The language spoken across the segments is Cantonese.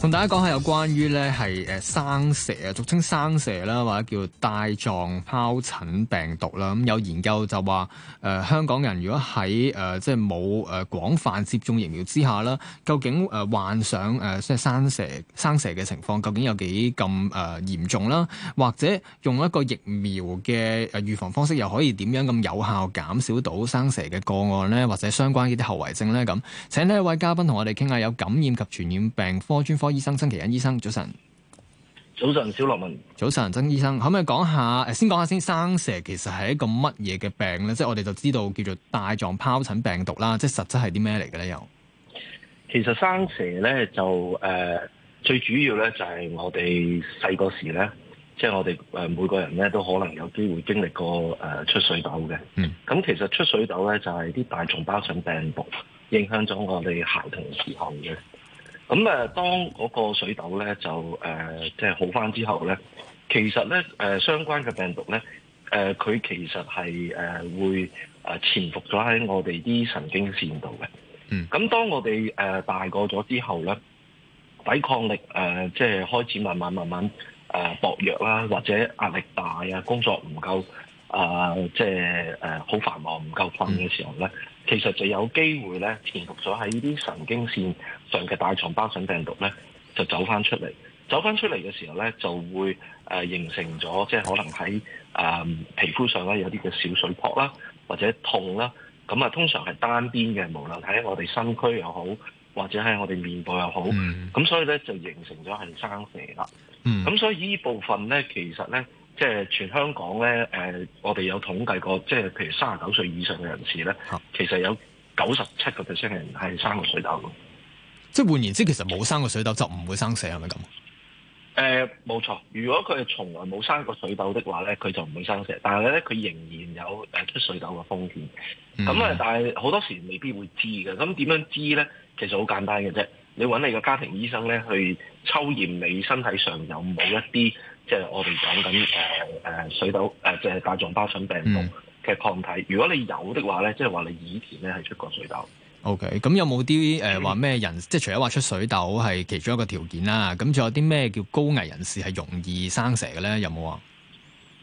同大家講下有關於咧，係誒生蛇啊，俗稱生蛇啦，或者叫帶狀皰疹病毒啦。咁有研究就話誒、呃、香港人如果喺誒、呃、即係冇誒廣泛接種疫苗之下啦，究竟誒患上誒即係生蛇生蛇嘅情況究竟有幾咁誒嚴重啦？或者用一個疫苗嘅預防方式又可以點樣咁有效減少到生蛇嘅個案咧，或者相關嘅啲後遺症咧？咁請呢一位嘉賓同我哋傾下有感染及傳染病科專科。醫生，曾祈殷醫生，早晨。早晨，小樂文，早晨，曾醫生，可唔可以講下？誒，先講下先，生蛇其實係一個乜嘢嘅病咧？即係我哋就知道叫做帶狀疱疹病毒啦，即係實質係啲咩嚟嘅咧？又其實生蛇咧就誒、呃、最主要咧就係、是、我哋細個時咧，即、就、係、是、我哋誒每個人咧都可能有機會經歷過誒、呃、出水痘嘅。嗯，咁其實出水痘咧就係、是、啲帶狀疱疹病毒影響咗我哋孩童時候嘅。咁、嗯、誒，當嗰個水痘咧就誒，即、呃、係、就是、好返之後咧，其實咧誒、呃、相關嘅病毒咧，誒、呃、佢其實係誒、呃、會誒潛伏咗喺我哋啲神經線度嘅。嗯，咁當我哋誒、呃、大個咗之後咧，抵抗力誒即係開始慢慢慢慢誒薄弱啦，或者壓力大啊，工作唔夠。啊、呃，即係好、呃、繁忙唔夠瞓嘅時候咧，其實就有機會咧潛伏咗喺呢啲神經線上嘅帶狀皰疹病毒咧，就走翻出嚟，走翻出嚟嘅時候咧就會誒、呃、形成咗，即係可能喺誒、呃、皮膚上咧有啲嘅小水泡啦，或者痛啦，咁啊通常係單邊嘅，無論喺我哋身軀又好，或者喺我哋面部又好，咁、mm. 嗯、所以咧就形成咗係生蛇啦，咁、mm. 嗯、所以呢部分咧其實咧。即係全香港咧，誒、呃，我哋有統計過，即係譬如三十九歲以上嘅人士咧，其實有九十七個 percent 人係生過水痘。即係換言之，其實冇生過水痘就唔會生蛇。係咪咁？誒、呃，冇錯。如果佢係從來冇生過水痘的話咧，佢就唔會生蛇。但係咧，佢仍然有出水痘嘅風險。咁、嗯、啊，但係好多時未必會知嘅。咁點樣知咧？其實好簡單嘅啫。你搵你個家庭醫生咧，去抽驗你身體上有冇一啲。即係我哋講緊誒誒水痘誒，即、呃、係、就是、帶狀皰疹病毒嘅抗體。如果你有的話咧，即係話你以前咧係出過水痘。O K，咁有冇啲誒話咩人？即係除咗話出水痘係其中一個條件啦，咁仲有啲咩叫高危人士係容易生蛇嘅咧？有冇啊？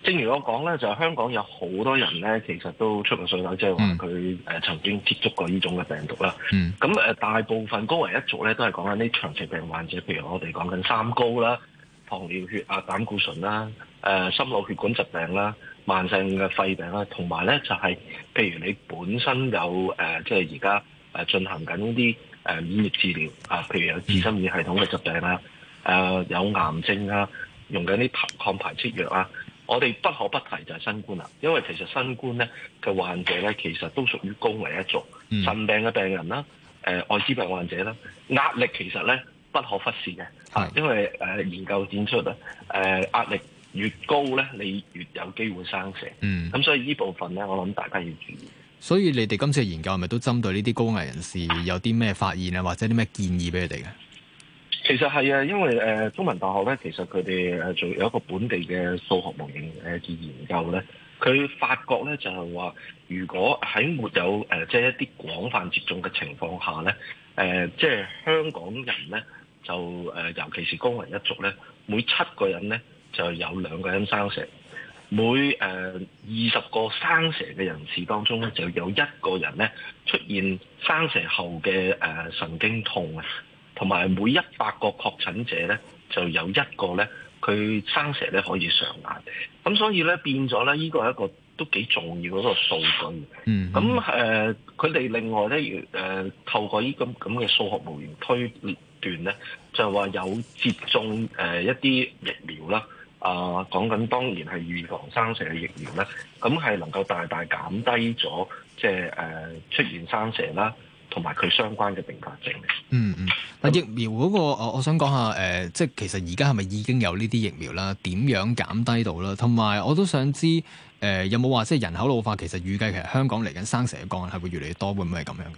正如我講咧，就係、是、香港有好多人咧，其實都出過水痘、嗯，即係話佢誒曾經接觸過呢種嘅病毒啦。咁、嗯、誒，那大部分高危一族咧，都係講緊啲長期病患者，譬如我哋講緊三高啦。糖尿病、血壓、膽固醇啦、啊，誒、呃、心腦血管疾病啦、啊，慢性嘅肺病啦、啊，同埋咧就係、是，譬如你本身有誒、呃，即係而家誒進行緊啲誒免疫治療啊，譬如有自身免疫系統嘅疾病啦、啊，誒、啊、有癌症啊，用緊啲排抗排斥藥啊，我哋不可不提就係新冠啦、啊，因為其實新冠咧嘅患者咧，其實都屬於高危一族，腎病嘅病人啦、啊，誒艾滋病患者啦、啊，壓力其實咧，不可忽視嘅，嚇，因為誒、呃、研究展出啊，誒、呃、壓力越高咧，你越有機會生蛇。嗯，咁所以呢部分咧，我諗大家要注意。所以你哋今次嘅研究係咪都針對呢啲高危人士有啲咩發現啊，或者啲咩建議俾佢哋嘅？其實係啊，因為誒、呃、中文大學咧，其實佢哋誒做有一個本地嘅數學模型誒嘅研究咧，佢發覺咧就係話，如果喺沒有誒、呃、即係一啲廣泛接種嘅情況下咧，誒、呃、即係香港人咧。就誒、呃，尤其是高危一族咧，每七個人咧就有兩個人生蛇；每誒、呃、二十個生蛇嘅人士當中咧，就有一個人咧出現生蛇後嘅誒、呃、神經痛啊，同埋每一百個確診者咧就有一個咧佢生蛇咧可以上眼，咁所以咧變咗咧呢個係一個都幾重要嗰個數據。嗯，嗯，嗯，咁誒佢哋另外咧，誒、呃、透過呢咁咁嘅數學模型推段咧就係話有接種誒一啲疫苗啦，啊講緊當然係預防生蛇嘅疫苗啦，咁係能夠大大減低咗即係誒出現生蛇啦，同埋佢相關嘅併發症。嗯嗯，嗱疫苗嗰個我我想講下誒，即係其實而家係咪已經有呢啲疫苗啦？點樣減低到啦？同埋我都想知誒有冇話即係人口老化，其實預計其實香港嚟緊生蛇嘅個案係會越嚟越多，會唔會係咁樣嘅？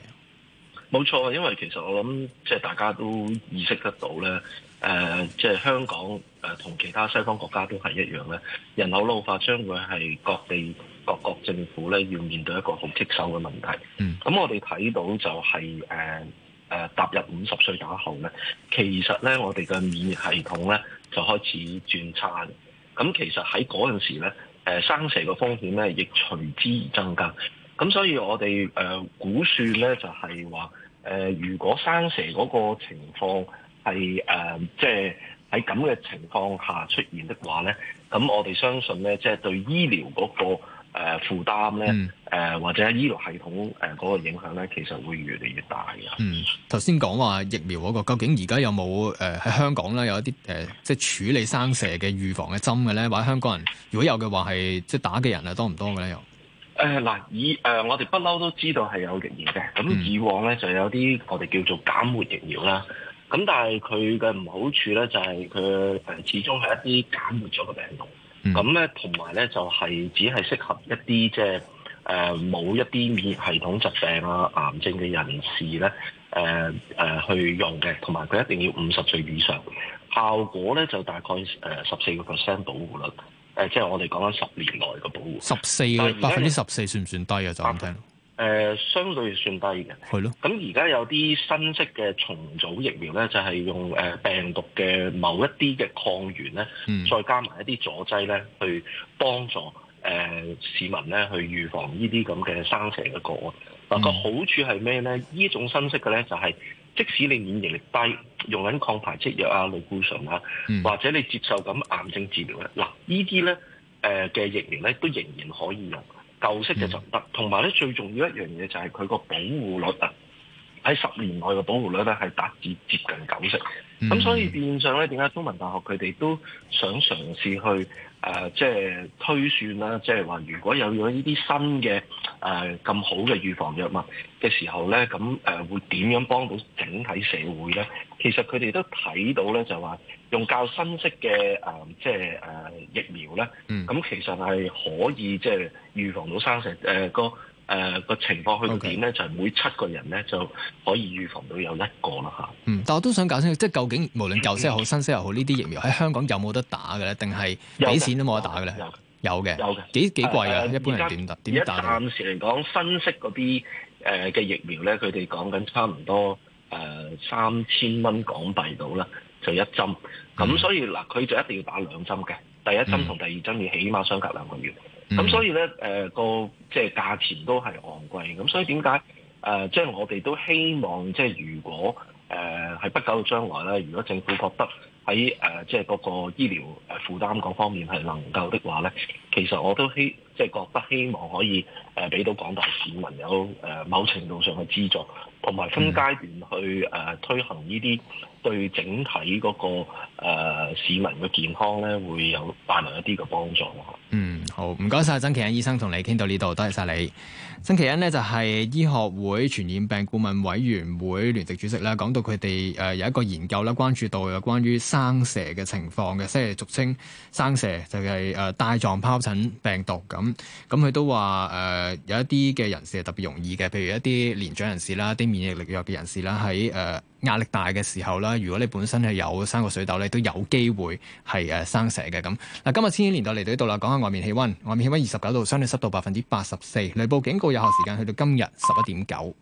冇錯，因為其實我諗即係大家都意識得到咧，誒、呃、即係香港誒同其他西方國家都係一樣咧，人口老化將會係各地各國政府咧要面對一個好棘手嘅問題。咁、嗯、我哋睇到就係誒誒踏入五十歲打後咧，其實咧我哋嘅免疫系統咧就開始轉差。咁其實喺嗰陣時咧，誒、呃、生蛇嘅風險咧亦隨之而增加。咁所以我哋誒估算咧，就係話誒，如果生蛇嗰個情況係誒，即係喺咁嘅情況下出現的話咧，咁我哋相信咧，即係對醫療嗰個誒負擔咧，誒或者醫療系統誒嗰個影響咧，其實會越嚟越大嘅。嗯。嗯，頭先講話疫苗嗰個，究竟而家有冇誒喺香港咧有一啲誒，呃，即係處理生蛇嘅預防嘅針嘅咧？或者香港人如果有嘅話，係即打嘅人係多唔多嘅咧？又？誒、嗯、嗱，以誒、呃、我哋不嬲都知道係有疫苗嘅，咁以往咧就有啲我哋叫做減活疫苗啦，咁但係佢嘅唔好處咧就係佢誒始終係一啲減活咗嘅病毒，咁咧同埋咧就係，是，只係適合一啲即係誒冇一啲免疫系統疾病啊、癌症嘅人士咧誒誒去用嘅，同埋佢一定要五十歲以上，效果咧就大概誒十四個 percent 保護率。誒，即係我哋講緊十年內嘅保護，十四個百分之十四算唔算低啊、嗯？就咁聽、呃。相對算低嘅。係咯。咁而家有啲新式嘅重組疫苗咧，就係用病毒嘅某一啲嘅抗原咧，再加埋一啲阻劑咧，去幫助市民咧去預防呢啲咁嘅生蛇嘅個案。個、嗯、好處係咩咧？呢種新式嘅咧就係、是。即使你免疫力低，用緊抗排斥藥啊、類固醇啊，或者你接受緊癌症治療咧，嗱，呢啲咧誒嘅疫苗咧都仍然可以用，舊式嘅就唔得。同埋咧最重要一樣嘢就係佢個保護率啊，喺十年內嘅保護率咧係達至接近九成。咁、嗯、所以變相咧，點解中文大學佢哋都想嘗試去誒，即、呃、係、就是、推算啦，即係話如果有咗呢啲新嘅誒咁好嘅預防藥物嘅時候咧，咁誒、呃、會點樣幫到整體社會咧？其實佢哋都睇到咧，就話用較新式嘅誒，即係誒疫苗咧，咁、嗯、其實係可以即係、就是、預防到生蛇。誒、呃、個誒、呃、個情況去到點咧？Okay. 就係每七個人咧就可以預防到有一個啦吓嗯，但我都想搞清楚，即係究竟無論舊式又好，新式又好，呢啲疫苗喺香港有冇得打嘅咧？定係俾錢都冇得打嘅咧？有嘅，有嘅，幾幾貴呀、呃？一般人點打？點打？而家暫時嚟講，新式嗰啲誒嘅疫苗咧，佢哋講緊差唔多誒三千蚊港幣到啦，就一針。咁、嗯、所以嗱，佢、呃、就一定要打兩針嘅。嗯、第一針同第二針要起碼相隔兩個月，咁、嗯嗯、所以咧，誒、呃這個即係價錢都係昂貴，咁所以點解誒？即係我哋都希望，即係如果誒喺、呃、不久嘅將來咧，如果政府覺得喺誒、呃、即係嗰個醫療誒負擔嗰方面係能夠的話咧，其實我都希。即係覺得希望可以誒俾到廣大市民有誒某程度上嘅資助，同埋分階段去誒推行呢啲對整體嗰個誒市民嘅健康咧，會有帶來一啲嘅幫助。嗯，好，唔該晒，曾祈殷醫生同你傾到呢度，多謝晒你。曾祈殷咧就係醫學會傳染病顧問委員會聯席主席啦，講到佢哋誒有一個研究啦，關注到有關於生蛇嘅情況嘅，即係俗稱生蛇就係誒帶狀疱疹病毒咁。咁、嗯、佢都話誒、呃、有一啲嘅人士係特別容易嘅，譬如一啲年長人士啦，啲免疫力弱嘅人士啦，喺誒、呃、壓力大嘅時候啦，如果你本身係有生個水痘你都有機會係誒生蛇嘅咁。嗱，今日千禧年代嚟到呢度啦，講下外面氣温，外面氣温二十九度，相對濕度百分之八十四，雷暴警告有效時間去到今日十一點九。